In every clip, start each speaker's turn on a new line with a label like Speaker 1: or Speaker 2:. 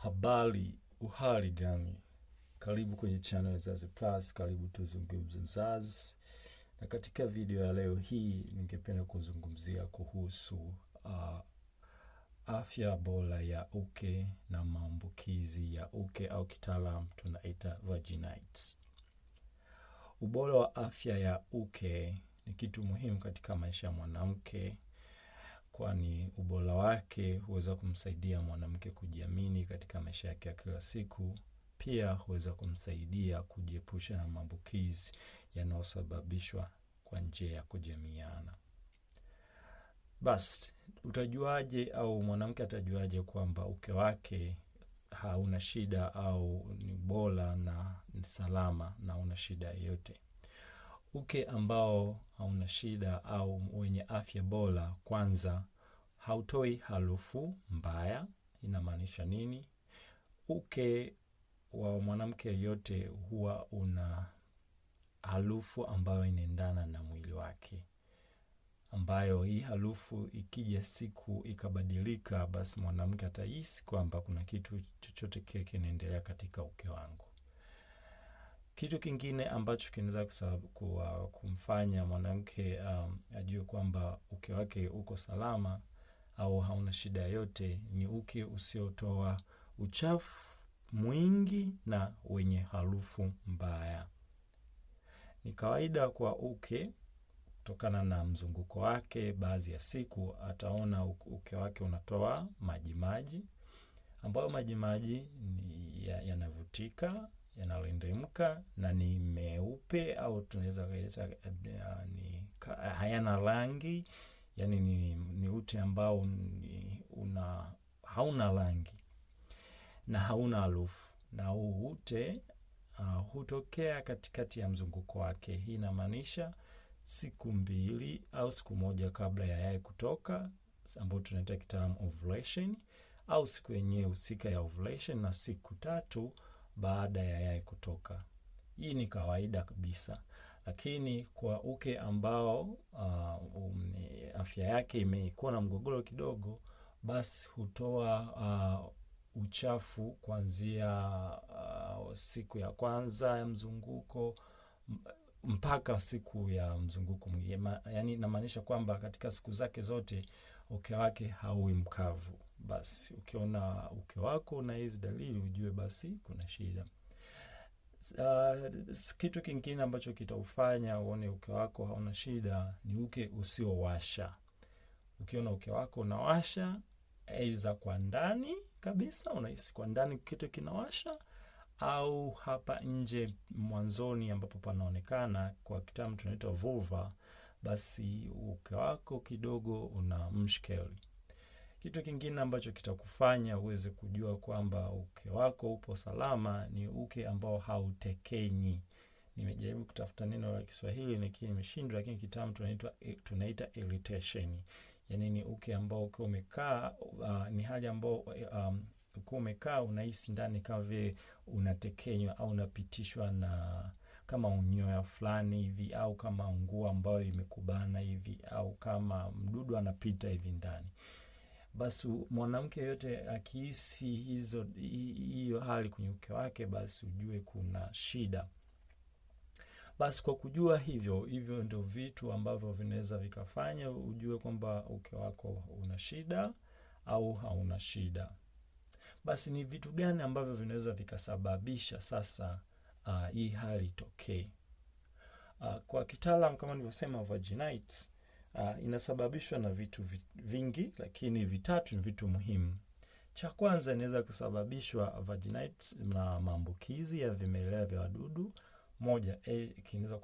Speaker 1: Habari, uhali gani? Karibu kwenye channel ya Zazi Plus, karibu tuzungumze mzazi. Na katika video ya leo hii ningependa kuzungumzia kuhusu uh, afya bora ya uke na maambukizi ya uke au kitaalam tunaita vaginitis. Ubora wa afya ya uke ni kitu muhimu katika maisha ya mwanamke kwani ubora wake huweza kumsaidia mwanamke kujiamini katika maisha yake ya kila siku. Pia huweza kumsaidia kujiepusha na maambukizi yanayosababishwa kwa njia ya kujamiana Basi, utajuaje au mwanamke atajuaje kwamba uke wake hauna shida au ni bora na ni salama na una shida yoyote. Uke ambao hauna shida au wenye afya bora kwanza hautoi harufu mbaya inamaanisha nini? Uke wa mwanamke yeyote huwa una harufu ambayo inaendana na mwili wake. Ambayo hii harufu ikija siku ikabadilika basi mwanamke atahisi kwamba kuna kitu chochote kile kinaendelea katika uke wangu. Kitu kingine ambacho kinaweza kumfanya mwanamke um, ajue kwamba uke wake uko salama au hauna shida yote ni uke usiotoa uchafu mwingi na wenye harufu mbaya. Ni kawaida kwa uke kutokana na mzunguko wake, baadhi ya siku ataona uke wake unatoa majimaji ambayo majimaji yanavutika yanarindimka na ni meupe au tunaweza eh, ni hayana rangi yani ni, ni uti ambao ni, una, hauna rangi na hauna harufu na huu ute uh, hutokea katikati ya mzunguko wake. Hii inamaanisha siku mbili au siku moja kabla ya yai kutoka ambao tunaita kitaalamu ovulation, au siku yenyewe husika ya ovulation na siku tatu baada ya yai kutoka. Hii ni kawaida kabisa. Lakini kwa uke ambao uh, um, afya yake imekuwa na mgogoro kidogo, basi hutoa uh, uchafu kuanzia uh, siku ya kwanza ya mzunguko mpaka siku ya mzunguko mwingine. Yaani inamaanisha kwamba katika siku zake zote uke wake hauwi mkavu basi ukiona uke wako na hizi dalili ujue basi kuna shida. Uh, kitu kingine ambacho kitaufanya uone uke wako hauna shida ni uke usiowasha. Ukiona uke wako unawasha, aidha kwa ndani kabisa, unahisi kwa ndani kitu kinawasha, au hapa nje mwanzoni ambapo panaonekana kwa kitamu tunaita vulva, basi uke wako kidogo una mshkeli. Kitu kingine ambacho kitakufanya uweze kujua kwamba uke wako upo salama ni uke ambao hautekenyi. Nimejaribu kutafuta neno la Kiswahili lakini nimeshindwa, lakini kitamu tunaitwa e, tunaita irritation. Yani ni uke ambao ukiwa umekaa uh, ni hali ambao um, ukiwa umekaa unahisi ndani kama vile unatekenywa au unapitishwa na kama unyoya fulani hivi au kama nguo ambayo imekubana hivi au kama mdudu anapita hivi ndani basi mwanamke yote akihisi hizo hiyo hali kwenye uke wake, basi ujue kuna shida. Basi kwa kujua hivyo, hivyo ndio vitu ambavyo vinaweza vikafanya ujue kwamba uke wako una shida au hauna shida. Basi ni vitu gani ambavyo vinaweza vikasababisha sasa uh, hii hali itokee? Uh, kwa kitaalam kama nilivyosema vaginitis uh, inasababishwa na vitu vingi, lakini vitatu ni vitu muhimu. Cha kwanza inaweza kusababishwa vaginitis na maambukizi ya vimelea vya wadudu. Moja, A, anaweza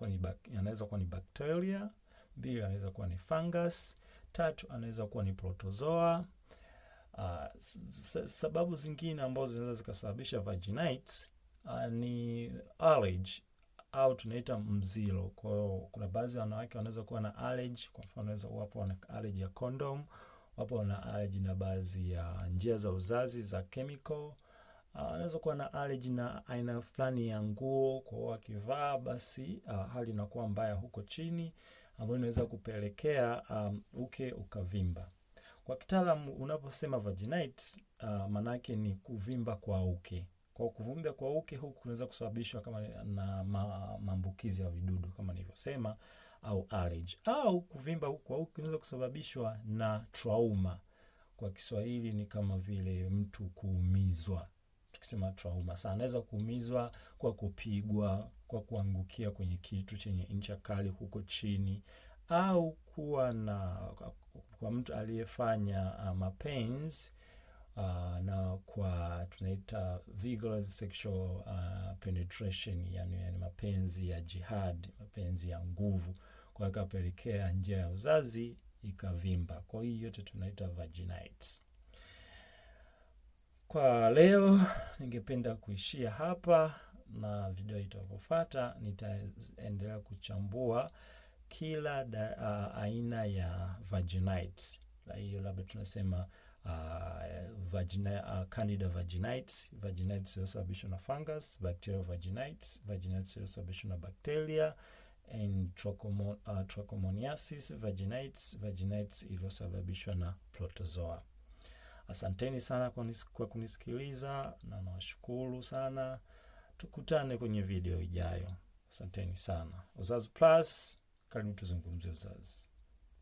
Speaker 1: kuwa ni bakteria. B, anaweza kuwa ni fungus. Tatu, anaweza kuwa ni protozoa. Uh, sababu zingine ambazo zinaweza zikasababisha vaginitis uh, ni allergy au tunaita mzilo. Kwa hiyo kuna baadhi ya wanawake wanaweza kuwa na allergy, kwa mfano wanaweza wapo na allergy ya condom, wapo na allergy na baadhi ya njia za uzazi za chemical. Ah, wanaweza kuwa na allergy na aina fulani ya nguo kwa hiyo wakivaa basi ah, hali inakuwa mbaya huko chini ambayo inaweza kupelekea um, uke ukavimba. Kwa kitaalamu unaposema vaginitis ah, maanake ni kuvimba kwa uke. Kwa kuvimba kwa uke huku kunaweza kusababishwa kama na maambukizi ya vidudu kama nilivyosema au allergy. Au kuvimba huku kwa uke kunaweza kusababishwa na trauma. Kwa Kiswahili ni kama vile mtu kuumizwa. Tukisema trauma sana anaweza kuumizwa kwa kupigwa, kwa kuangukia kwenye kitu chenye ncha kali huko chini au kuwa na kwa mtu aliyefanya uh, mapenzi uh, na kwa tunaita vigorous sexual uh, penetration, yani, yani mapenzi ya jihad, mapenzi ya nguvu, kwa ikapelekea njia ya uzazi ikavimba. Kwa hiyo yote tunaita vaginitis. Kwa leo ningependa kuishia hapa, na video itakofuata nitaendelea kuchambua kila da, uh, aina ya vaginitis. Hiyo labda tunasema Uh, vagina, uh, candida vaginitis, vaginitis iliyosababishwa na fungus, bacterial vaginitis, vaginitis exacerbation na bacteria and trichomoniasis uh, vaginitis, vaginitis iliyosababishwa na protozoa. Asanteni sana kwa kunisikiliza na nawashukuru sana. Tukutane kwenye video ijayo. Asanteni sana. Uzazi Plus, karibu tuzungumze uzazi.